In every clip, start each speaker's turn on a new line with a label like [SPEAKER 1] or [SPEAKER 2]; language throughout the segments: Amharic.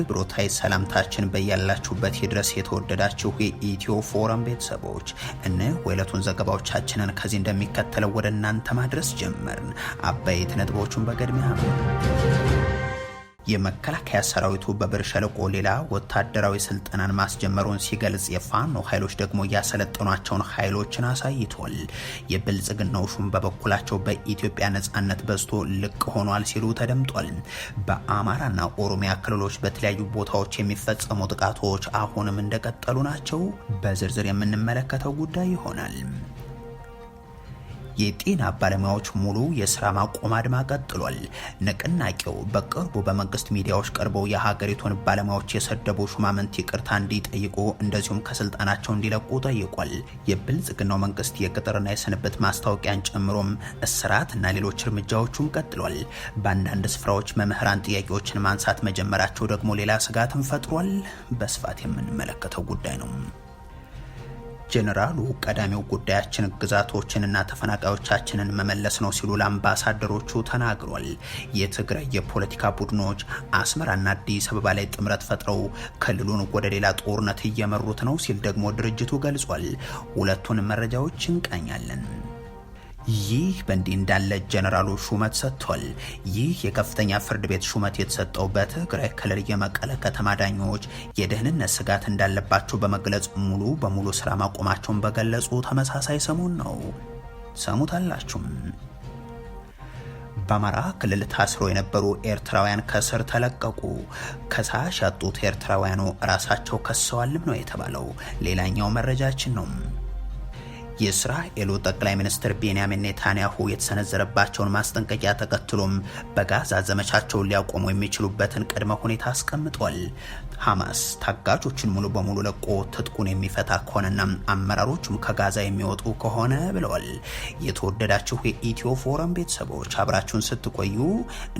[SPEAKER 1] አክብሮታይ ሰላምታችን በያላችሁበት ይድረስ። የተወደዳችሁ የኢትዮ ፎረም ቤተሰቦች እነ ወይለቱን ዘገባዎቻችንን ከዚህ እንደሚከተለው ወደ እናንተ ማድረስ ጀመርን። አበይት ነጥቦቹን በቅድሚያ የመከላከያ ሰራዊቱ በብር ሸለቆ ሌላ ወታደራዊ ስልጠናን ማስጀመሩን ሲገልጽ የፋኖ ኃይሎች ደግሞ ያሰለጠኗቸውን ኃይሎችን አሳይቷል። የብልጽግናው ሹም በበኩላቸው በኢትዮጵያ ነጻነት በዝቶ ልቅ ሆኗል ሲሉ ተደምጧል። በአማራና ኦሮሚያ ክልሎች በተለያዩ ቦታዎች የሚፈጸሙ ጥቃቶች አሁንም እንደቀጠሉ ናቸው። በዝርዝር የምንመለከተው ጉዳይ ይሆናል። የጤና ባለሙያዎች ሙሉ የስራ ማቆም አድማ ቀጥሏል። ንቅናቄው በቅርቡ በመንግስት ሚዲያዎች ቀርበው የሀገሪቱን ባለሙያዎች የሰደቡ ሹማምንት ይቅርታ እንዲጠይቁ እንደዚሁም ከስልጣናቸው እንዲለቁ ጠይቋል። የብልጽግናው መንግስት የቅጥርና የስንብት ማስታወቂያን ጨምሮም እስራት እና ሌሎች እርምጃዎቹን ቀጥሏል። በአንዳንድ ስፍራዎች መምህራን ጥያቄዎችን ማንሳት መጀመራቸው ደግሞ ሌላ ስጋትን ፈጥሯል። በስፋት የምንመለከተው ጉዳይ ነው። ጄኔራሉ ቀዳሚው ጉዳያችን ግዛቶችንና ተፈናቃዮቻችንን መመለስ ነው ሲሉ ለአምባሳደሮቹ ተናግሯል። የትግራይ የፖለቲካ ቡድኖች አስመራና አዲስ አበባ ላይ ጥምረት ፈጥረው ክልሉን ወደ ሌላ ጦርነት እየመሩት ነው ሲል ደግሞ ድርጅቱ ገልጿል። ሁለቱን መረጃዎች እንቃኛለን። ይህ በእንዲህ እንዳለ ጀነራሉ ሹመት ሰጥቷል። ይህ የከፍተኛ ፍርድ ቤት ሹመት የተሰጠው በትግራይ ክልል የመቀለ ከተማ ዳኞች የደህንነት ስጋት እንዳለባቸው በመግለጽ ሙሉ በሙሉ ስራ ማቆማቸውን በገለጹ ተመሳሳይ ሰሞን ነው። ሰሙታላችሁም። በአማራ ክልል ታስሮ የነበሩ ኤርትራውያን ከስር ተለቀቁ። ከሳሽ ያጡት ኤርትራውያኑ ራሳቸው ከሰዋልም ነው የተባለው። ሌላኛው መረጃችን ነው። የእስራኤሉ ጠቅላይ ሚኒስትር ቤንያሚን ኔታንያሁ የተሰነዘረባቸውን ማስጠንቀቂያ ተከትሎም በጋዛ ዘመቻቸውን ሊያቆሙ የሚችሉበትን ቅድመ ሁኔታ አስቀምጧል። ሐማስ ታጋቾችን ሙሉ በሙሉ ለቆ ትጥቁን የሚፈታ ከሆነና አመራሮቹም ከጋዛ የሚወጡ ከሆነ ብለዋል። የተወደዳችሁ የኢትዮ ፎረም ቤተሰቦች አብራችሁን ስትቆዩ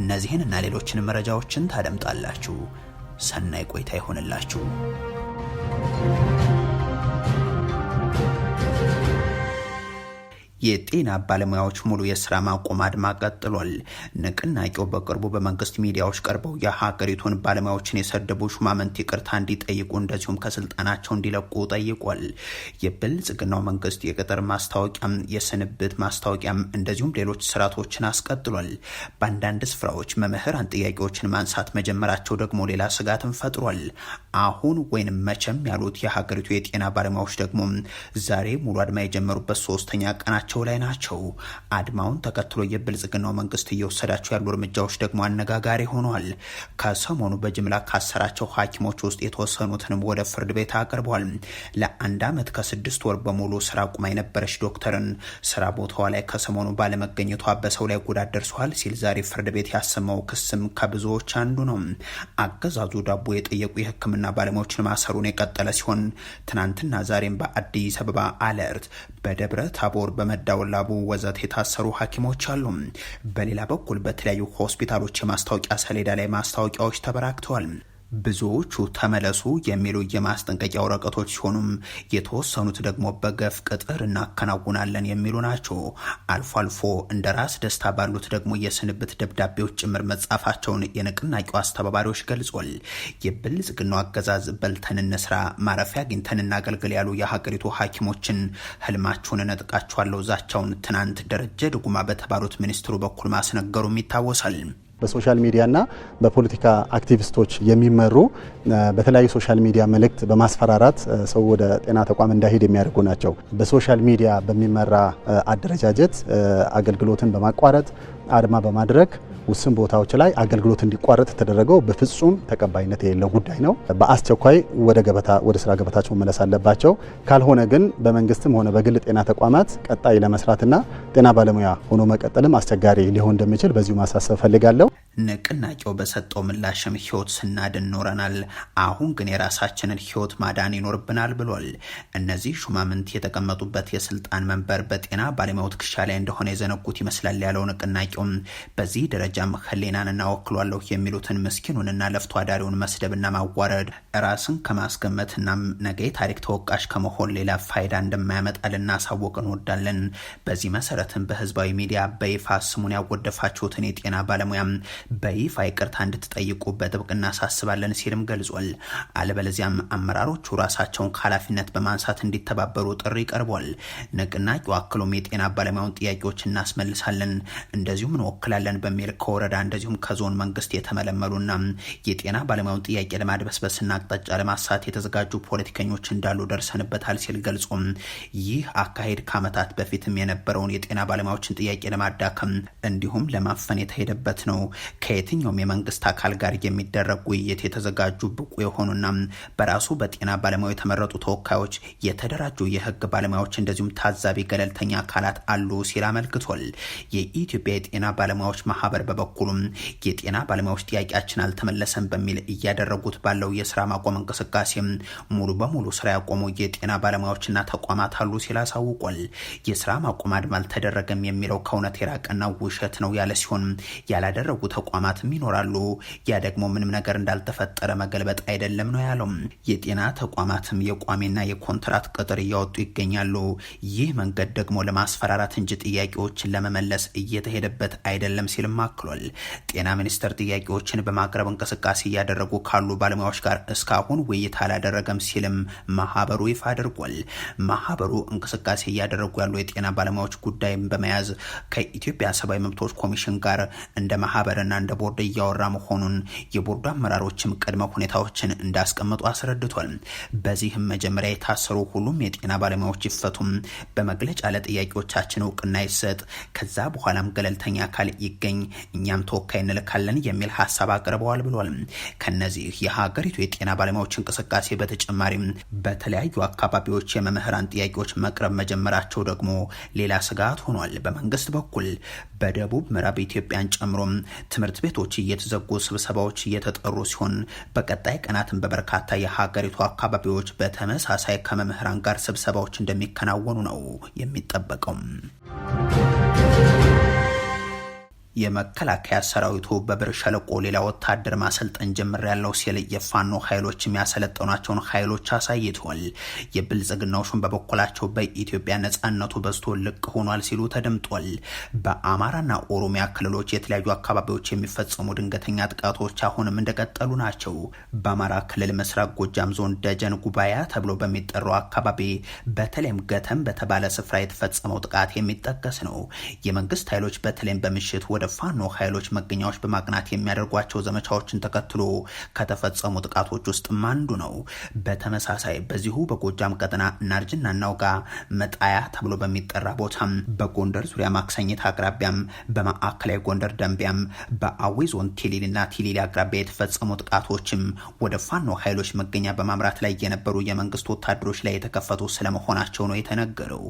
[SPEAKER 1] እነዚህን እና ሌሎችን መረጃዎችን ታደምጣላችሁ። ሰናይ ቆይታ ይሆንላችሁ። የጤና ባለሙያዎች ሙሉ የስራ ማቆም አድማ ቀጥሏል። ንቅናቄው በቅርቡ በመንግስት ሚዲያዎች ቀርበው የሀገሪቱን ባለሙያዎችን የሰደቡ ሹማምንት ይቅርታ እንዲጠይቁ እንደዚሁም ከስልጣናቸው እንዲለቁ ጠይቋል። የብልጽግናው መንግስት የቅጥር ማስታወቂያም የስንብት ማስታወቂያም እንደዚሁም ሌሎች ስርዓቶችን አስቀጥሏል። በአንዳንድ ስፍራዎች መምህራን ጥያቄዎችን ማንሳት መጀመራቸው ደግሞ ሌላ ስጋትን ፈጥሯል። አሁን ወይንም መቼም ያሉት የሀገሪቱ የጤና ባለሙያዎች ደግሞ ዛሬ ሙሉ አድማ የጀመሩበት ሶስተኛ ቀናቸው በስልጣናቸው ላይ ናቸው። አድማውን ተከትሎ የብልጽግናው መንግስት እየወሰዳቸው ያሉ እርምጃዎች ደግሞ አነጋጋሪ ሆኗል። ከሰሞኑ በጅምላ ካሰራቸው ሐኪሞች ውስጥ የተወሰኑትንም ወደ ፍርድ ቤት አቅርቧል። ለአንድ ዓመት ከስድስት ወር በሙሉ ስራ ቁማ የነበረች ዶክተርን ስራ ቦታዋ ላይ ከሰሞኑ ባለመገኘቷ በሰው ላይ ጉዳት ደርሷል ሲል ዛሬ ፍርድ ቤት ያሰማው ክስም ከብዙዎች አንዱ ነው። አገዛዙ ዳቦ የጠየቁ የህክምና ባለሙያዎችን ማሰሩን የቀጠለ ሲሆን ትናንትና ዛሬም በአዲስ አበባ አለርት በደብረ ታቦር በመ ዳውላቡ ወዘት የታሰሩ ሐኪሞች አሉ። በሌላ በኩል በተለያዩ ሆስፒታሎች የማስታወቂያ ሰሌዳ ላይ ማስታወቂያዎች ተበራክተዋል። ብዙዎቹ ተመለሱ የሚሉ የማስጠንቀቂያ ወረቀቶች ሲሆኑም የተወሰኑት ደግሞ በገፍ ቅጥር እናከናውናለን የሚሉ ናቸው። አልፎ አልፎ እንደ ራስ ደስታ ባሉት ደግሞ የስንብት ደብዳቤዎች ጭምር መጻፋቸውን የንቅናቄው አስተባባሪዎች ገልጿል። የብልጽግናው አገዛዝ በልተን እንስራ፣ ማረፊያ አግኝተን እናገልግል ያሉ የሀገሪቱ ሐኪሞችን ህልማችሁን እነጥቃችኋለሁ ዛቻውን ትናንት ደረጀ ድጉማ በተባሉት ሚኒስትሩ በኩል ማስነገሩም ይታወሳል።
[SPEAKER 2] በሶሻል ሚዲያና በፖለቲካ አክቲቪስቶች የሚመሩ በተለያዩ ሶሻል ሚዲያ መልእክት በማስፈራራት ሰው ወደ ጤና ተቋም እንዳይሄድ የሚያደርጉ ናቸው። በሶሻል ሚዲያ በሚመራ አደረጃጀት አገልግሎትን በማቋረጥ አድማ በማድረግ ውስን ቦታዎች ላይ አገልግሎት እንዲቋረጥ የተደረገው በፍጹም ተቀባይነት የሌለው ጉዳይ ነው። በአስቸኳይ ወደ ገበታ ወደ ስራ ገበታቸው መመለስ አለባቸው። ካልሆነ ግን በመንግስትም ሆነ በግል ጤና ተቋማት ቀጣይ ለመስራትና ጤና ባለሙያ ሆኖ መቀጠልም አስቸጋሪ ሊሆን እንደሚችል በዚሁ ማሳሰብ ፈልጋለሁ።
[SPEAKER 1] ንቅናቄው በሰጠው ምላሽም ህይወት ስናድን ኖረናል፣ አሁን ግን የራሳችንን ህይወት ማዳን ይኖርብናል ብሏል። እነዚህ ሹማምንት የተቀመጡበት የስልጣን መንበር በጤና ባለሙያው ትከሻ ላይ እንደሆነ የዘነጉት ይመስላል ያለው ንቅናቄውም በዚህ ደረጃ እርምጃም ህሊናንና እናወክሏለሁ የሚሉትን ምስኪኑንና ለፍቶ አዳሪውን መስደብና ማዋረድ ራስን ከማስገመትና ነገ ታሪክ ተወቃሽ ከመሆን ሌላ ፋይዳ እንደማያመጣ ልናሳወቅ እንወዳለን። በዚህ መሰረትም በህዝባዊ ሚዲያ በይፋ ስሙን ያወደፋችሁትን የጤና ባለሙያም በይፋ ይቅርታ እንድትጠይቁ በጥብቅ እናሳስባለን ሲልም ገልጿል። አለበለዚያም አመራሮቹ ራሳቸውን ከኃላፊነት በማንሳት እንዲተባበሩ ጥሪ ቀርቧል። ንቅናቄው አክሎም የጤና ባለሙያውን ጥያቄዎች እናስመልሳለን እንደዚሁም እንወክላለን በሚል ከ ከወረዳ እንደዚሁም ከዞን መንግስት የተመለመሉና የጤና ባለሙያውን ጥያቄ ለማድበስበስና አቅጣጫ ለማሳት የተዘጋጁ ፖለቲከኞች እንዳሉ ደርሰንበታል ሲል ገልጾ ይህ አካሄድ ከዓመታት በፊትም የነበረውን የጤና ባለሙያዎችን ጥያቄ ለማዳከም እንዲሁም ለማፈን የተሄደበት ነው። ከየትኛውም የመንግስት አካል ጋር የሚደረግ ውይይት የተዘጋጁ ብቁ የሆኑና በራሱ በጤና ባለሙያው የተመረጡ ተወካዮች፣ የተደራጁ የህግ ባለሙያዎች እንደዚሁም ታዛቢ ገለልተኛ አካላት አሉ ሲል አመልክቷል። የኢትዮጵያ የጤና ባለሙያዎች ማህበር በበኩሉም የጤና ባለሙያዎች ጥያቄያችን አልተመለሰም በሚል እያደረጉት ባለው የስራ ማቆም እንቅስቃሴም ሙሉ በሙሉ ስራ ያቆሙ የጤና ባለሙያዎችና ተቋማት አሉ ሲል አሳውቋል። የስራ ማቆም አድማ አልተደረገም የሚለው ከእውነት የራቀና ውሸት ነው ያለ ሲሆን ያላደረጉ ተቋማትም ይኖራሉ። ያ ደግሞ ምንም ነገር እንዳልተፈጠረ መገልበጥ አይደለም ነው ያለው። የጤና ተቋማትም የቋሚና የኮንትራት ቅጥር እያወጡ ይገኛሉ። ይህ መንገድ ደግሞ ለማስፈራራት እንጂ ጥያቄዎችን ለመመለስ እየተሄደበት አይደለም ሲልም አክሏል። ጤና ሚኒስቴር ጥያቄዎችን በማቅረብ እንቅስቃሴ እያደረጉ ካሉ ባለሙያዎች ጋር እስካሁን ውይይት አላደረገም ሲልም ማህበሩ ይፋ አድርጓል። ማህበሩ እንቅስቃሴ እያደረጉ ያሉ የጤና ባለሙያዎች ጉዳይም በመያዝ ከኢትዮጵያ ሰብአዊ መብቶች ኮሚሽን ጋር እንደ ማህበርና እንደ ቦርድ እያወራ መሆኑን የቦርዱ አመራሮችም ቅድመ ሁኔታዎችን እንዳስቀምጡ አስረድቷል። በዚህም መጀመሪያ የታሰሩ ሁሉም የጤና ባለሙያዎች ይፈቱም፣ በመግለጫ ለጥያቄዎቻችን እውቅና ይሰጥ፣ ከዛ በኋላም ገለልተኛ አካል ይገኝ፣ እኛም ተወካይ እንልካለን የሚል ሀሳብ አቅርበዋል ብሏል። ከነዚህ የሀገሪቱ የጤና ባለሙያዎች እንቅስቃሴ በተጨማሪም በተለያዩ አካባቢዎች የመምህራን ጥያቄዎች መቅረብ መጀመራቸው ደግሞ ሌላ ስጋት ሆኗል። በመንግስት በኩል በደቡብ ምዕራብ ኢትዮጵያን ጨምሮ ትምህርት ቤቶች እየተዘጉ ስብሰባዎች እየተጠሩ ሲሆን በቀጣይ ቀናትም በበርካታ የሀገሪቱ አካባቢዎች በተመሳሳይ ከመምህራን ጋር ስብሰባዎች እንደሚከናወኑ ነው የሚጠበቀው። የመከላከያ ሰራዊቱ በብር ሸለቆ ሌላ ወታደር ማሰልጠን ጀምር ያለው ሲል የፋኖ ኃይሎች የሚያሰለጠኗቸውን ኃይሎች አሳይቷል። የብልጽግናዎቹን በበኩላቸው በኢትዮጵያ ነጻነቱ በዝቶ ልቅ ሆኗል ሲሉ ተደምጧል። በአማራና ኦሮሚያ ክልሎች የተለያዩ አካባቢዎች የሚፈጸሙ ድንገተኛ ጥቃቶች አሁንም እንደቀጠሉ ናቸው። በአማራ ክልል ምስራቅ ጎጃም ዞን ደጀን ጉባኤ ተብሎ በሚጠራው አካባቢ በተለይም ገተም በተባለ ስፍራ የተፈጸመው ጥቃት የሚጠቀስ ነው። የመንግስት ኃይሎች በተለይም በምሽት ወደ ፋኖ ኃይሎች መገኛዎች በማቅናት የሚያደርጓቸው ዘመቻዎችን ተከትሎ ከተፈጸሙ ጥቃቶች ውስጥም አንዱ ነው። በተመሳሳይ በዚሁ በጎጃም ቀጠና እናርጅና እናውጋ መጣያ ተብሎ በሚጠራ ቦታም በጎንደር ዙሪያ ማክሰኝት አቅራቢያም በማዕከላዊ ጎንደር ደንቢያም በአዊ ዞን ቴሌልና ቴሌሊ አቅራቢያ የተፈጸሙ ጥቃቶችም ወደ ፋኖ ኃይሎች መገኛ በማምራት ላይ የነበሩ የመንግስት ወታደሮች ላይ የተከፈቱ ስለመሆናቸው ነው የተነገረው።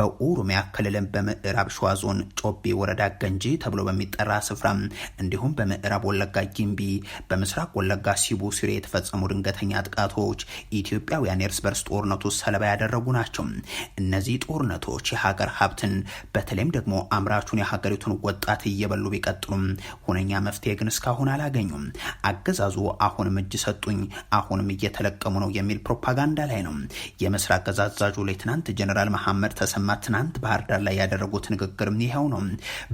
[SPEAKER 1] በኦሮሚያ ክልልም በምዕራብ ሸዋ ዞን ጮቤ ወረዳ ገንጂ ተብሎ በሚጠራ ስፍራ እንዲሁም በምዕራብ ወለጋ ጊምቢ፣ በምስራቅ ወለጋ ሲቡ ሲሬ የተፈጸሙ ድንገተኛ ጥቃቶች ኢትዮጵያውያን የእርስ በርስ ጦርነቱ ሰለባ ያደረጉ ናቸው። እነዚህ ጦርነቶች የሀገር ሀብትን በተለይም ደግሞ አምራቹን የሀገሪቱን ወጣት እየበሉ ቢቀጥሉም ሁነኛ መፍትሄ ግን እስካሁን አላገኙም። አገዛዙ አሁንም እጅ ሰጡኝ፣ አሁንም እየተለቀሙ ነው የሚል ፕሮፓጋንዳ ላይ ነው። የምስራቅ እዝ አዛዡ ሌትናንት ጀኔራል መሐመድ ተሰማ ትናንት ባህር ዳር ላይ ያደረጉት ንግግርም ይኸው ነው።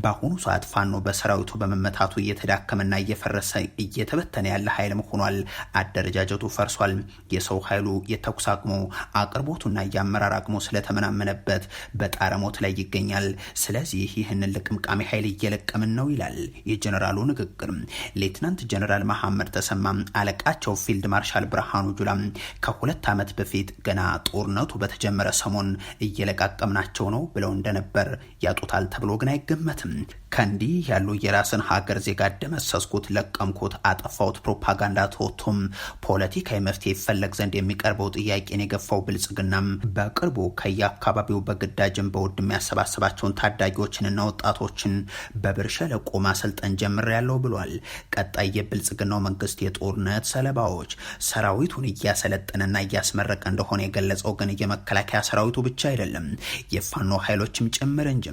[SPEAKER 1] በአሁኑ ሰዓት ፋ ፋኖ በሰራዊቱ በመመታቱ እየተዳከመና እየፈረሰ እየተበተነ ያለ ኃይል ሆኗል። አደረጃጀቱ ፈርሷል። የሰው ኃይሉ የተኩስ አቅሙ አቅርቦቱና የአመራር አቅሙ ስለተመናመነበት በጣረሞት ላይ ይገኛል። ስለዚህ ይህንን ልቅምቃሚ ኃይል እየለቀምን ነው ይላል የጀኔራሉ ንግግር። ሌትናንት ጀኔራል መሐመድ ተሰማ አለቃቸው ፊልድ ማርሻል ብርሃኑ ጁላ ከሁለት ዓመት በፊት ገና ጦርነቱ በተጀመረ ሰሞን እየለቃቀምናቸው ነው ብለው እንደነበር ያጡታል ተብሎ ግን አይገመትም። ከእንዲህ እንዲህ ያሉ የራስን ሀገር ዜጋ ደመሰስኩት፣ ለቀምኩት፣ አጠፋሁት ፕሮፓጋንዳ ተወጥቶም ፖለቲካዊ መፍትሄ ይፈለግ ዘንድ የሚቀርበው ጥያቄን የገፋው ብልጽግናም በቅርቡ ከየአካባቢው በግዳጅን በውድ የሚያሰባስባቸውን ታዳጊዎችንና ወጣቶችን በብር ሸለቆ ማሰልጠን ጀምሬያለሁ ብሏል። ቀጣይ የብልጽግናው መንግስት የጦርነት ሰለባዎች ሰራዊቱን እያሰለጠነና እያስመረቀ እንደሆነ የገለጸው ግን የመከላከያ ሰራዊቱ ብቻ አይደለም፣ የፋኖ ኃይሎችም ጭምር እንጂ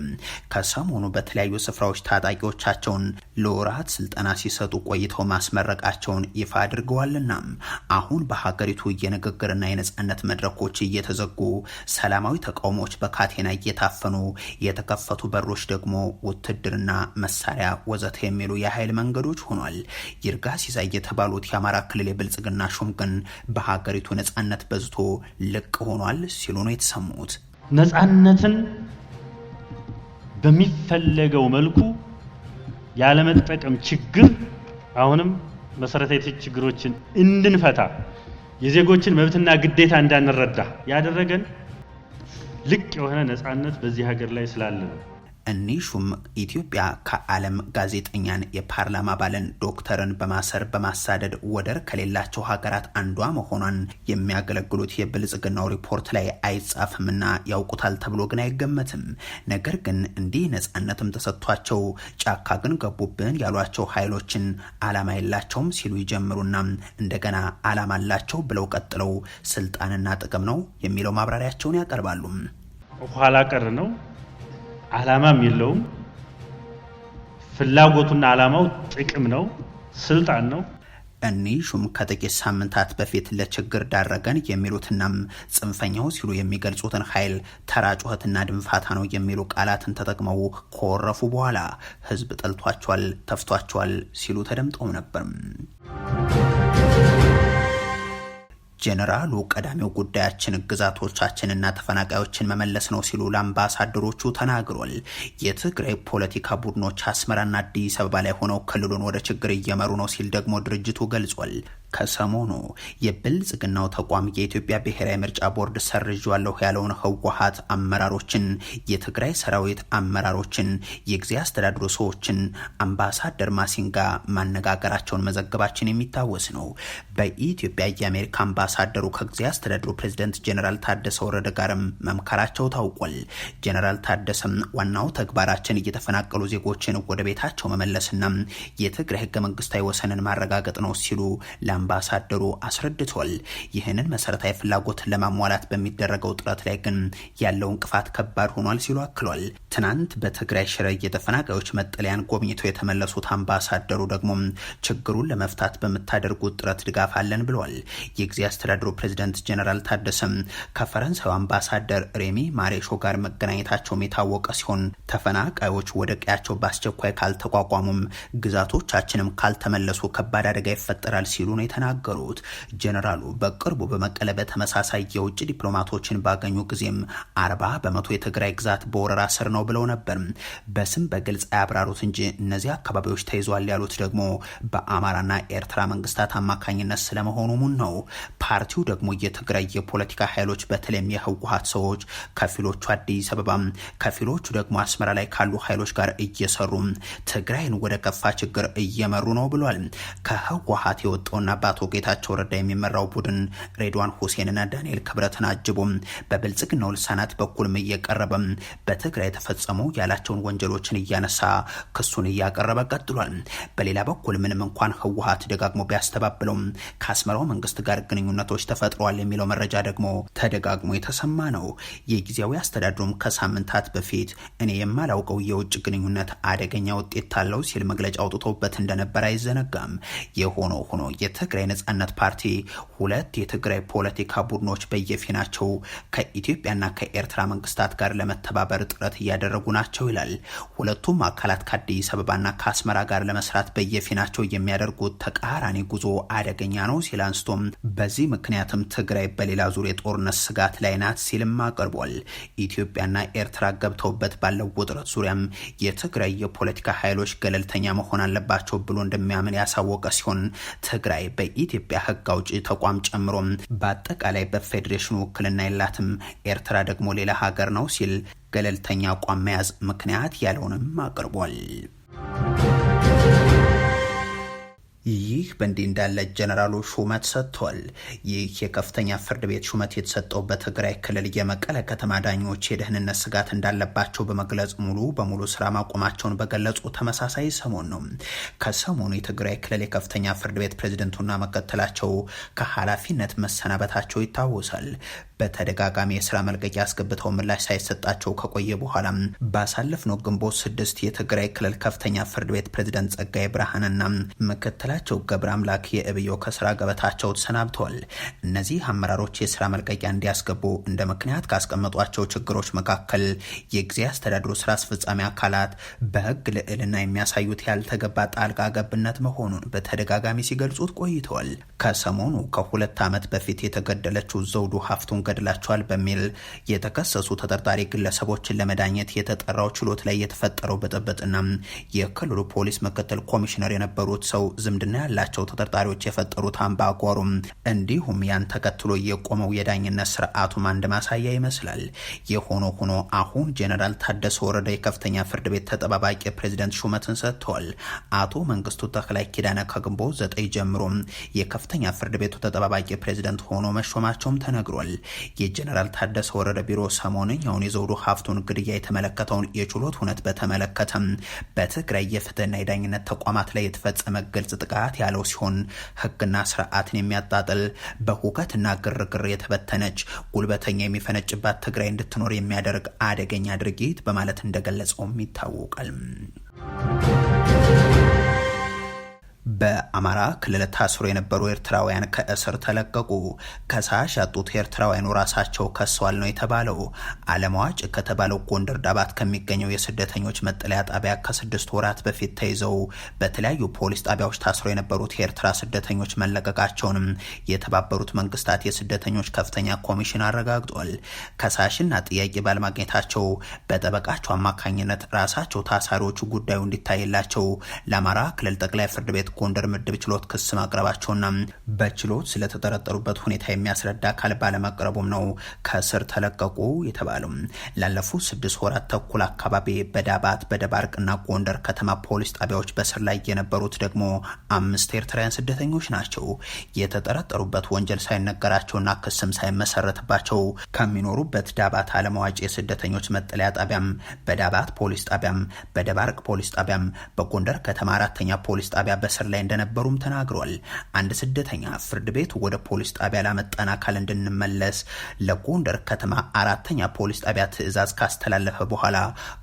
[SPEAKER 1] ከሰሞኑ በተለያዩ ስፍራዎች ታጣ ታጣቂዎቻቸውን ለወራት ስልጠና ሲሰጡ ቆይተው ማስመረቃቸውን ይፋ አድርገዋልና አሁን በሀገሪቱ የንግግርና የነጻነት መድረኮች እየተዘጉ ሰላማዊ ተቃውሞዎች በካቴና እየታፈኑ የተከፈቱ በሮች ደግሞ ውትድርና፣ መሳሪያ ወዘተ የሚሉ የኃይል መንገዶች ሆኗል። ይርጋ ሲሳይ የተባሉት የአማራ ክልል የብልጽግና ሹም ግን በሀገሪቱ ነጻነት በዝቶ ልቅ ሆኗል ሲሉ ነው የተሰሙት።
[SPEAKER 3] ነጻነትን በሚፈለገው መልኩ ያለመጠቀም ችግር አሁንም መሰረታዊ ችግሮችን እንድንፈታ የዜጎችን መብትና ግዴታ እንዳንረዳ ያደረገን ልቅ የሆነ ነፃነት በዚህ ሀገር ላይ ስላለ ነው።
[SPEAKER 1] እኒሹም ኢትዮጵያ ከዓለም ጋዜጠኛን የፓርላማ አባልን ዶክተርን በማሰር በማሳደድ ወደር ከሌላቸው ሀገራት አንዷ መሆኗን የሚያገለግሉት የብልጽግናው ሪፖርት ላይ አይጻፍምና ያውቁታል ተብሎ ግን አይገመትም። ነገር ግን እንዲህ ነጻነትም ተሰጥቷቸው ጫካ ግን ገቡብን ያሏቸው ኃይሎችን ዓላማ የላቸውም ሲሉ ይጀምሩና እንደገና ዓላማ አላቸው ብለው ቀጥለው ስልጣንና ጥቅም ነው የሚለው ማብራሪያቸውን ያቀርባሉ።
[SPEAKER 3] ኋላ ቀር ነው አላማም የለውም። ፍላጎቱና አላማው ጥቅም ነው፣ ስልጣን ነው።
[SPEAKER 1] እኒህ ሹም ከጥቂት ሳምንታት በፊት ለችግር ዳረገን የሚሉትናም ጽንፈኛው ሲሉ የሚገልጹትን ኃይል ተራ ጩኸትና ድንፋታ ነው የሚሉ ቃላትን ተጠቅመው ከወረፉ በኋላ ህዝብ ጠልቷቸዋል፣ ተፍቷቸዋል ሲሉ ተደምጠው ነበርም። ጄኔራሉ ቀዳሚው ጉዳያችን ግዛቶቻችንና ተፈናቃዮችን መመለስ ነው ሲሉ ለአምባሳደሮቹ ተናግሯል። የትግራይ ፖለቲካ ቡድኖች አስመራና አዲስ አበባ ላይ ሆነው ክልሉን ወደ ችግር እየመሩ ነው ሲል ደግሞ ድርጅቱ ገልጿል። ከሰሞኑ የብልጽግናው ተቋም የኢትዮጵያ ብሔራዊ ምርጫ ቦርድ ሰርዣለሁ ያለውን ህወሀት አመራሮችን፣ የትግራይ ሰራዊት አመራሮችን፣ የጊዜ አስተዳድሮ ሰዎችን አምባሳደር ማሲንጋ ማነጋገራቸውን መዘገባችን የሚታወስ ነው። በኢትዮጵያ የአሜሪካ አምባሳደሩ ከጊዜ አስተዳደሩ ፕሬዚደንት ጀኔራል ታደሰ ወረደ ጋርም መምከራቸው ታውቋል። ጀኔራል ታደሰም ዋናው ተግባራችን እየተፈናቀሉ ዜጎችን ወደ ቤታቸው መመለስና የትግራይ ህገ መንግስታዊ ወሰንን ማረጋገጥ ነው ሲሉ አምባሳደሩ አስረድቷል። ይህንን መሰረታዊ ፍላጎት ለማሟላት በሚደረገው ጥረት ላይ ግን ያለው እንቅፋት ከባድ ሆኗል ሲሉ አክሏል። ትናንት በትግራይ ሽረ የተፈናቃዮች መጠለያን ጎብኝተው የተመለሱት አምባሳደሩ ደግሞ ችግሩን ለመፍታት በምታደርጉት ጥረት ድጋፍ አለን ብለዋል። የጊዜ አስተዳደሩ ፕሬዚደንት ጀነራል ታደሰም ከፈረንሳዩ አምባሳደር ሬሚ ማሬሾ ጋር መገናኘታቸውም የታወቀ ሲሆን ተፈናቃዮች ወደ ቀያቸው በአስቸኳይ ካልተቋቋሙም ግዛቶቻችንም ካልተመለሱ ከባድ አደጋ ይፈጠራል ሲሉ ነው የተናገሩት። ጀነራሉ በቅርቡ በመቀለ በተመሳሳይ የውጭ ዲፕሎማቶችን ባገኙ ጊዜም አርባ በመቶ የትግራይ ግዛት በወረራ ስር ነው ነው ብለው ነበር። በስም በግልጽ አያብራሩት እንጂ እነዚህ አካባቢዎች ተይዟል ያሉት ደግሞ በአማራና ኤርትራ መንግስታት አማካኝነት ስለመሆኑ ሙን ነው። ፓርቲው ደግሞ የትግራይ የፖለቲካ ኃይሎች በተለይም የህወሀት ሰዎች ከፊሎቹ አዲስ አበባ ከፊሎቹ ደግሞ አስመራ ላይ ካሉ ኃይሎች ጋር እየሰሩ ትግራይን ወደ ከፋ ችግር እየመሩ ነው ብሏል። ከህወሀት የወጣውና በአቶ ጌታቸው ረዳ የሚመራው ቡድን ሬድዋን ሁሴንና ዳንኤል ክብረትን አጅቦ በብልጽግናው ልሳናት በኩልም እየቀረበ በትግራይ ተፈ ፈጸሙ ያላቸውን ወንጀሎችን እያነሳ ክሱን እያቀረበ ቀጥሏል። በሌላ በኩል ምንም እንኳን ህወሀት ደጋግሞ ቢያስተባብለውም ከአስመራው መንግስት ጋር ግንኙነቶች ተፈጥረዋል የሚለው መረጃ ደግሞ ተደጋግሞ የተሰማ ነው። የጊዜያዊ አስተዳድሩም ከሳምንታት በፊት እኔ የማላውቀው የውጭ ግንኙነት አደገኛ ውጤት አለው ሲል መግለጫ አውጥቶበት እንደነበር አይዘነጋም። የሆነ ሆኖ የትግራይ ነጻነት ፓርቲ ሁለት የትግራይ ፖለቲካ ቡድኖች በየፊናቸው ከኢትዮጵያና ከኤርትራ መንግስታት ጋር ለመተባበር ጥረት እያደረ እያደረጉ ናቸው ይላል። ሁለቱም አካላት ከአዲስ አበባና ከአስመራ ጋር ለመስራት በየፊናቸው የሚያደርጉት ተቃራኒ ጉዞ አደገኛ ነው ሲል አንስቶም በዚህ ምክንያትም ትግራይ በሌላ ዙር የጦርነት ስጋት ላይ ናት ሲልም አቅርቧል። ኢትዮጵያና ኤርትራ ገብተውበት ባለው ውጥረት ዙሪያም የትግራይ የፖለቲካ ኃይሎች ገለልተኛ መሆን አለባቸው ብሎ እንደሚያምን ያሳወቀ ሲሆን ትግራይ በኢትዮጵያ ሕግ አውጪ ተቋም ጨምሮም በአጠቃላይ በፌዴሬሽኑ ውክልና የላትም፣ ኤርትራ ደግሞ ሌላ ሀገር ነው ሲል ገለልተኛ አቋም መያዝ ምክንያት ያለውንም አቅርቧል። ይህ በእንዲህ እንዳለ ጀነራሉ ሹመት ሰጥቷል። ይህ የከፍተኛ ፍርድ ቤት ሹመት የተሰጠው በትግራይ ክልል የመቀለ ከተማ ዳኞች የደህንነት ስጋት እንዳለባቸው በመግለጽ ሙሉ በሙሉ ስራ ማቆማቸውን በገለጹ ተመሳሳይ ሰሞን ነው። ከሰሞኑ የትግራይ ክልል የከፍተኛ ፍርድ ቤት ፕሬዝደንቱና መከተላቸው ከኃላፊነት መሰናበታቸው ይታወሳል። በተደጋጋሚ የስራ መልቀቂያ አስገብተው ምላሽ ሳይሰጣቸው ከቆየ በኋላ ባሳለፍነው ግንቦት ስድስት የትግራይ ክልል ከፍተኛ ፍርድ ቤት ፕሬዝደንት ጸጋይ ብርሃንና ምክትላቸው ገብረ አምላክ የእብዮ ከስራ ገበታቸው ተሰናብተዋል። እነዚህ አመራሮች የስራ መልቀቂያ እንዲያስገቡ እንደ ምክንያት ካስቀመጧቸው ችግሮች መካከል የጊዜ አስተዳድሩ ስራ አስፈጻሚ አካላት በህግ ልዕልና የሚያሳዩት ያልተገባ ጣልቃ ገብነት መሆኑን በተደጋጋሚ ሲገልጹት ቆይተዋል። ከሰሞኑ ከሁለት ዓመት በፊት የተገደለችው ዘውዱ ሀፍቱን ገድላቸዋል በሚል የተከሰሱ ተጠርጣሪ ግለሰቦችን ለመዳኘት የተጠራው ችሎት ላይ የተፈጠረው ብጥብጥና የክልሉ ፖሊስ ምክትል ኮሚሽነር የነበሩት ሰው ዝምድና ያላቸው ተጠርጣሪዎች የፈጠሩት አምባጓሮም እንዲሁም ያን ተከትሎ የቆመው የዳኝነት ስርዓቱም አንድ ማሳያ ይመስላል። የሆኖ ሆኖ አሁን ጄኔራል ታደሰ ወረደ የከፍተኛ ፍርድ ቤት ተጠባባቂ ፕሬዚደንት ሹመትን ሰጥተዋል። አቶ መንግስቱ ተክላይ ኪዳነ ከግንቦት ዘጠኝ ጀምሮ የከፍተኛ ፍርድ ቤቱ ተጠባባቂ ፕሬዚደንት ሆኖ መሾማቸውም ተነግሯል። የጀነራል ታደሰ ወረደ ቢሮ ሰሞንኛውን የዘውዱ ሀፍቱን ግድያ የተመለከተውን የችሎት ሁነት በተመለከተም በትግራይ የፍትህና የዳኝነት ተቋማት ላይ የተፈጸመ ግልጽ ጥቃት ያለው ሲሆን ህግና ስርዓትን የሚያጣጥል በሁከትና ግርግር የተበተነች ጉልበተኛ የሚፈነጭባት ትግራይ እንድትኖር የሚያደርግ አደገኛ ድርጊት በማለት እንደገለጸውም ይታወቃል። በአማራ ክልል ታስሮ የነበሩ ኤርትራውያን ከእስር ተለቀቁ። ከሳሽ ያጡት ኤርትራውያኑ ራሳቸው ከሰዋል ነው የተባለው። አለማዋጭ ከተባለው ጎንደር ዳባት ከሚገኘው የስደተኞች መጠለያ ጣቢያ ከስድስት ወራት በፊት ተይዘው በተለያዩ ፖሊስ ጣቢያዎች ታስሮ የነበሩት የኤርትራ ስደተኞች መለቀቃቸውንም የተባበሩት መንግስታት የስደተኞች ከፍተኛ ኮሚሽን አረጋግጧል። ከሳሽና ጥያቄ ባለማግኘታቸው በጠበቃቸው አማካኝነት ራሳቸው ታሳሪዎቹ ጉዳዩ እንዲታይላቸው ለአማራ ክልል ጠቅላይ ፍርድ ቤት ጎንደር ምድብ ችሎት ክስ ማቅረባቸውና በችሎት ስለተጠረጠሩበት ሁኔታ የሚያስረዳ አካል ባለማቅረቡም ነው ከእስር ተለቀቁ የተባለው። ላለፉት ስድስት ወራት ተኩል አካባቢ በዳባት በደባርቅና ጎንደር ከተማ ፖሊስ ጣቢያዎች በስር ላይ የነበሩት ደግሞ አምስት ኤርትራውያን ስደተኞች ናቸው። የተጠረጠሩበት ወንጀል ሳይነገራቸውና ክስም ሳይመሰረትባቸው ከሚኖሩበት ዳባት አለማዋጭ የስደተኞች መጠለያ ጣቢያም በዳባት ፖሊስ ጣቢያም በደባርቅ ፖሊስ ጣቢያም በጎንደር ከተማ አራተኛ ፖሊስ ጣቢያ በስር በእስር ላይ እንደነበሩም ተናግሯል። አንድ ስደተኛ ፍርድ ቤት ወደ ፖሊስ ጣቢያ ላመጣን አካል እንድንመለስ ለጎንደር ከተማ አራተኛ ፖሊስ ጣቢያ ትዕዛዝ ካስተላለፈ በኋላ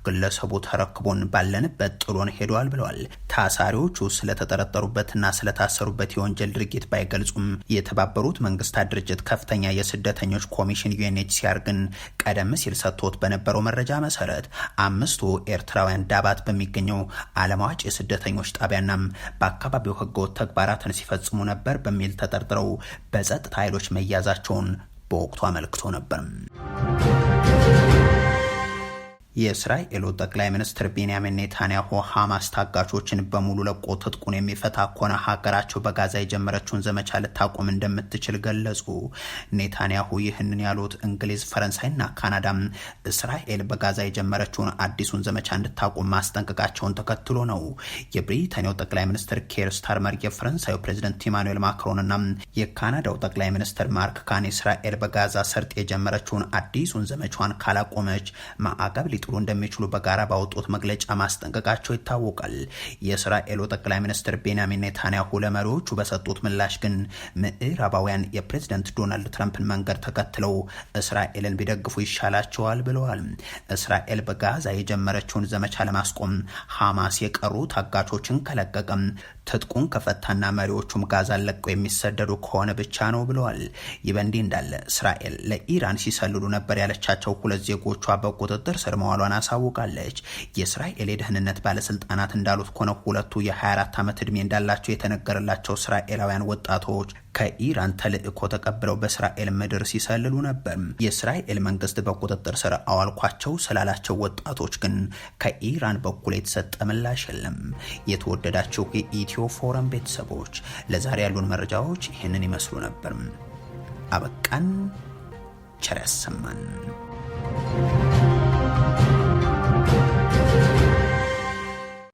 [SPEAKER 1] ግለሰቡ ተረክቦን ባለንበት ጥሎን ሄደዋል ብለዋል። ታሳሪዎቹ ስለተጠረጠሩበትና ስለታሰሩበት የወንጀል ድርጊት ባይገልጹም የተባበሩት መንግስታት ድርጅት ከፍተኛ የስደተኞች ኮሚሽን ዩኤንኤችሲአር ግን ቀደም ሲል ሰጥቶት በነበረው መረጃ መሰረት አምስቱ ኤርትራውያን ዳባት በሚገኘው ዓለም አዋጭ የስደተኞች ጣቢያና በአካባቢ በአካባቢው ህገወጥ ተግባራትን ሲፈጽሙ ነበር በሚል ተጠርጥረው በጸጥታ ኃይሎች መያዛቸውን በወቅቱ አመልክቶ ነበር። የእስራኤሉ ጠቅላይ ሚኒስትር ቤንያሚን ኔታንያሁ ሐማስ ታጋቾችን በሙሉ ለቆ ትጥቁን የሚፈታ ከሆነ ሀገራቸው በጋዛ የጀመረችውን ዘመቻ ልታቆም እንደምትችል ገለጹ። ኔታንያሁ ይህንን ያሉት እንግሊዝ፣ ፈረንሳይና ካናዳ እስራኤል በጋዛ የጀመረችውን አዲሱን ዘመቻ እንድታቆም ማስጠንቀቃቸውን ተከትሎ ነው። የብሪታንያው ጠቅላይ ሚኒስትር ኬር ስታርመር፣ የፈረንሳዩ ፕሬዚደንት ኢማኑኤል ማክሮንና የካናዳው ጠቅላይ ሚኒስትር ማርክ ካን እስራኤል በጋዛ ሰርጥ የጀመረችውን አዲሱን ዘመቻዋን ካላቆመች ማዕቀብ ሊጥሉ እንደሚችሉ በጋራ ባወጡት መግለጫ ማስጠንቀቃቸው ይታወቃል። የእስራኤሉ ጠቅላይ ሚኒስትር ቤንያሚን ኔታንያሁ ለመሪዎቹ በሰጡት ምላሽ ግን ምዕራባውያን የፕሬዝደንት ዶናልድ ትራምፕን መንገድ ተከትለው እስራኤልን ቢደግፉ ይሻላቸዋል ብለዋል። እስራኤል በጋዛ የጀመረችውን ዘመቻ ለማስቆም ሐማስ የቀሩ ታጋቾችን ከለቀቀም ትጥቁን ከፈታና መሪዎቹም ጋዛን ለቀው የሚሰደዱ ከሆነ ብቻ ነው ብለዋል። ይህ በእንዲህ እንዳለ እስራኤል ለኢራን ሲሰልሉ ነበር ያለቻቸው ሁለት ዜጎቿ በቁጥጥር ስር መዋል መዋሏን አሳውቃለች። የእስራኤል የደህንነት ባለስልጣናት እንዳሉት ከሆነ ሁለቱ የ24 ዓመት ዕድሜ እንዳላቸው የተነገረላቸው እስራኤላውያን ወጣቶች ከኢራን ተልእኮ ተቀብለው በእስራኤል ምድር ሲሰልሉ ነበር። የእስራኤል መንግስት በቁጥጥር ስር አዋልኳቸው ስላላቸው ወጣቶች ግን ከኢራን በኩል የተሰጠ ምላሽ የለም። የተወደዳቸው የኢትዮ ፎረም ቤተሰቦች ለዛሬ ያሉን መረጃዎች ይህንን ይመስሉ ነበር። አበቃን። ቸር ያሰማን።